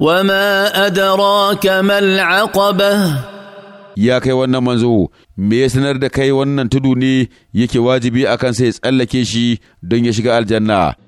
وما أدراك ما العقبة ya kai wannan manzo me ya sanar da kai wannan tudu ne yake wajibi akan sai ya tsallake shi don ya shiga aljanna